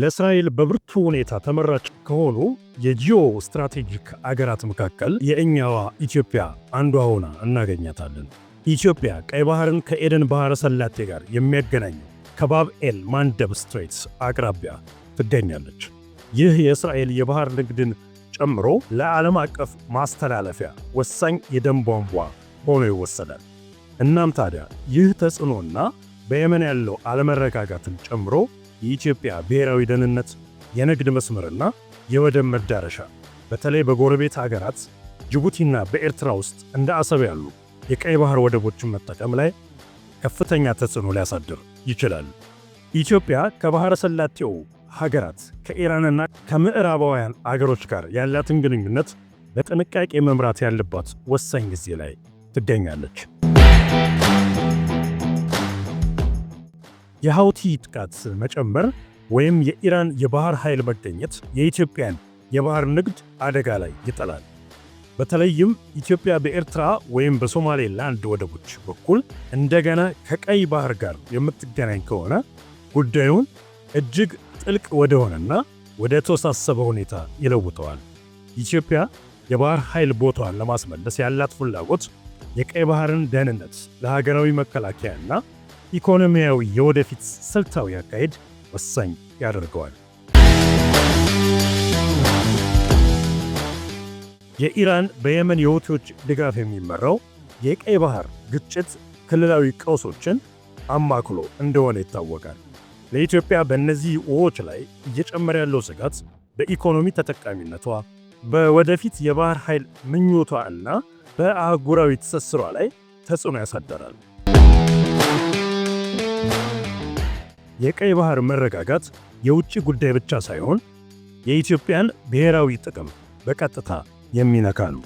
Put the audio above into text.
ለእስራኤል በብርቱ ሁኔታ ተመራጭ ከሆኑ የጂኦ ስትራቴጂክ አገራት መካከል የእኛዋ ኢትዮጵያ አንዷ ሆና እናገኛታለን። ኢትዮጵያ ቀይ ባህርን ከኤደን ባህረ ሰላጤ ጋር የሚያገናኘው ከባብኤል ማንደብ ስትሬትስ አቅራቢያ ትገኛለች። ይህ የእስራኤል የባህር ንግድን ጨምሮ ለዓለም አቀፍ ማስተላለፊያ ወሳኝ የደም ቧንቧ ሆኖ ይወሰዳል። እናም ታዲያ ይህ ተጽዕኖና በየመን ያለው አለመረጋጋትን ጨምሮ የኢትዮጵያ ብሔራዊ ደህንነት የንግድ መስመርና የወደብ መዳረሻ በተለይ በጎረቤት ሀገራት ጅቡቲና በኤርትራ ውስጥ እንደ አሰብ ያሉ የቀይ ባህር ወደቦችን መጠቀም ላይ ከፍተኛ ተጽዕኖ ሊያሳድር ይችላል። ኢትዮጵያ ከባህረ ሰላጤው ሀገራት ከኢራንና ከምዕራባውያን አገሮች ጋር ያላትን ግንኙነት በጥንቃቄ መምራት ያለባት ወሳኝ ጊዜ ላይ ትገኛለች። የሀውቲ ጥቃት መጨመር ወይም የኢራን የባህር ኃይል መገኘት የኢትዮጵያን የባህር ንግድ አደጋ ላይ ይጥላል። በተለይም ኢትዮጵያ በኤርትራ ወይም ላንድ ወደቦች በኩል እንደገና ከቀይ ባህር ጋር የምትገናኝ ከሆነ ጉዳዩን እጅግ ጥልቅ ወደሆነና ወደ ተወሳሰበ ሁኔታ ይለውጠዋል። ኢትዮጵያ የባህር ኃይል ቦታዋን ለማስመለስ ያላት ፍላጎት የቀይ ባህርን ደህንነት ለሀገራዊ መከላከያና ኢኮኖሚያዊ የወደፊት ስልታዊ አካሄድ ወሳኝ ያደርገዋል። የኢራን በየመን የሁቲዎች ድጋፍ የሚመራው የቀይ ባህር ግጭት ክልላዊ ቀውሶችን አማክሎ እንደሆነ ይታወቃል። ለኢትዮጵያ በእነዚህ ውዎች ላይ እየጨመረ ያለው ስጋት በኢኮኖሚ ተጠቃሚነቷ፣ በወደፊት የባህር ኃይል ምኞቷ እና በአህጉራዊ ትስስሯ ላይ ተጽዕኖ ያሳደራል። የቀይ ባህር መረጋጋት የውጭ ጉዳይ ብቻ ሳይሆን የኢትዮጵያን ብሔራዊ ጥቅም በቀጥታ የሚነካ ነው።